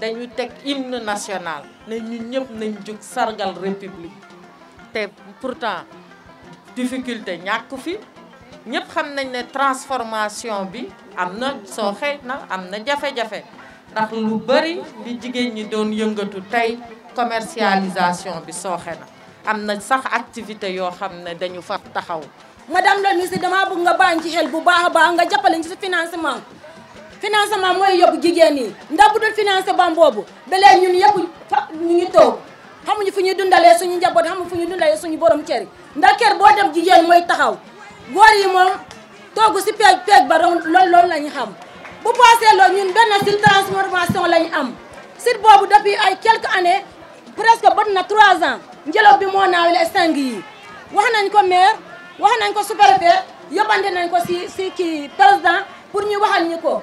dañu teg hymne national ne ñun ñëpp nañ jóg sargal république te pourtant difficulté ñàkk fi ñëpp xam nañ ne transformation bi am na soo na am na jafe-jafe ndax lu bari li jigéen ñi doon yëngatu tey commercialisation bi sooxe na am na sax activité yoo xam ne dañu fa taxaw madame la ministre damaa bëgg nga bàyyi ci xel bu baax baax nga jàppale ci sa financement financement mooy yóbbu jigéen yi ndax bu dul financé bam boobu ba léegi ñun yëpp fa ñu ngi toog xamuñu fu ñuy dundalee suñu njaboot xamuñu fu ñuy dundalee suñu borom kër yi ndax kër boo dem jigéen mooy taxaw góor yi moom toogu si peeg peeg ba loolu loolu la ñu xam bu passé loolu ñun benn si transformation la ñu am site boobu depuis ay quelques années presque bët na trois ans njëlaw bi moo naawile seng yi wax nañ ko maire wax nañ ko sous-préfet yóbbante nañ ko si si kii président pour ñu waxal ñu ko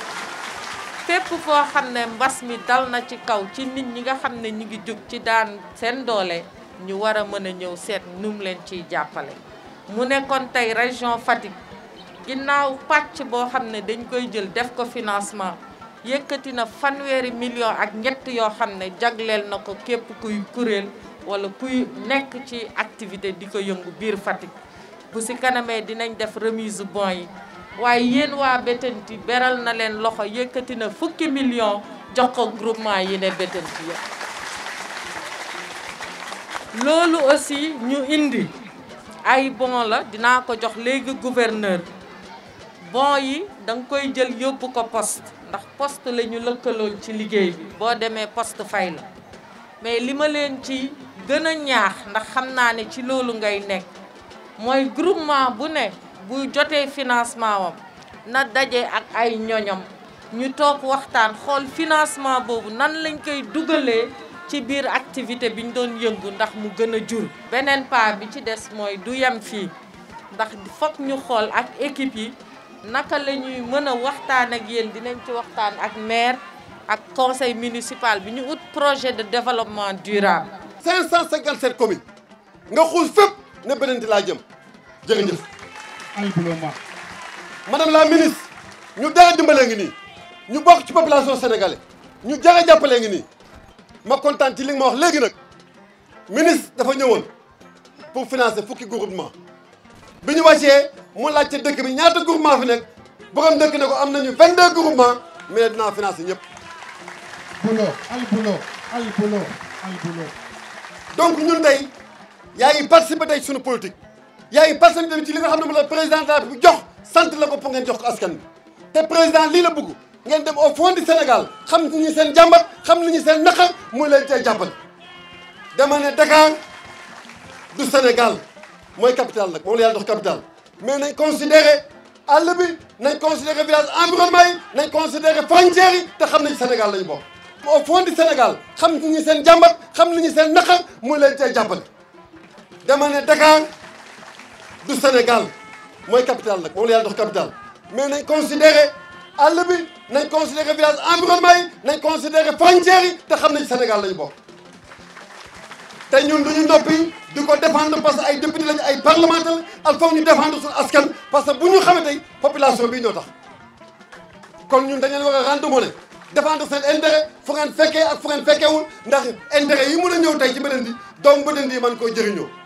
fépp foo xam ne mbas mi dal na ci kaw ci nit ñi nga xam ne ñu ngi jóg ci daan seen doole ñu war a mën a ñëw seet num leen ciy jàppale mu nekkoon tey région Fatick ginnaaw pàcc boo xam ne dañ koy jël def ko financement yëkkati na fanweeri million ak ñett yoo xam ne jagleel na ko képp kuy kuréel wala kuy nekk ci activité di ko yëngu biir Fatick bu si kanamee dinañ def remise bons yi waaye yéen waa Bettenty beral na leen loxo yëkkati na fukki million jox ko groupement yi ne Bettenty yëpp loolu aussi ñu indi ay bon la dinaa ko jox léegi gouverneur bon yi danga koy jël yóbbu ko poste ndax poste la ñu lëkkaloon ci liggéey bi boo demee poste fay la mais li ma leen ci gën a ñaax ndax xam naa ne ci loolu ngay nekk mooy groupement bu ne bu jotee financement wam na daje ak ay ñoñam ñu toog waxtaan xool financement boobu nan lañ koy dugalee ci biir activité bi ñu doon yëngu ndax mu gën a jur. beneen pas bi ci des mooy du yem fii ndax foog ñu xool ak équipe yi naka la ñuy mën a waxtaan ak yéen dinañ ci waxtaan ak maire ak conseil municipal bi ñu ut projet de développement durable. seen communes nga xuus fépp ne beneen di laa jëm jërëjëf. madame la ministre ñu dara dimbalee ngi nii ñu bokk ci population sénégalais ñu jara jàppalee ngi nii ma kontaan ci li nga wax léegi nag ministre dafa ñëwoon pour financer fukki groupement bi ñu wàccee mu laajte dëkk bi ñaata groupement fi nekk borom dëkk ne ko am na ñu groupement mais dinaa financer ñëpp. bulo al bulo al bulo al bulo donc ñun tey yaa ngi participer tey politique. yaay personne tamit ci li nga xam ne la président de bi jox sant la ko pour ngeen jox ko askan bi te président li la bëgg ngeen dem au fond du Sénégal xam ni sen jambat xam ni sen naqar moy leen tay jappal dama ne Dakar du Sénégal moy capitale nak mo la dox jox capitale mais nañ considérer àll bi nañ considérer village environnement yi nañ considérer frontière yi te xam nañ Sénégal lañ bokk. au fond du Sénégal xam ni sen jambat xam ni sen naqar moy leen tay jappal dama ne Dakar du Sénégal moi capital est capital mais nañ considéré à bi nañ considéré village Ambremay, nañ considéré frontières Sénégal Nous nous te ñun duñu du côté défendre parce que ay député ay parlementaire défendre askan parce que nous avons une population bi tax rendre défendre intérêt ak les intérêts ndax intérêt yi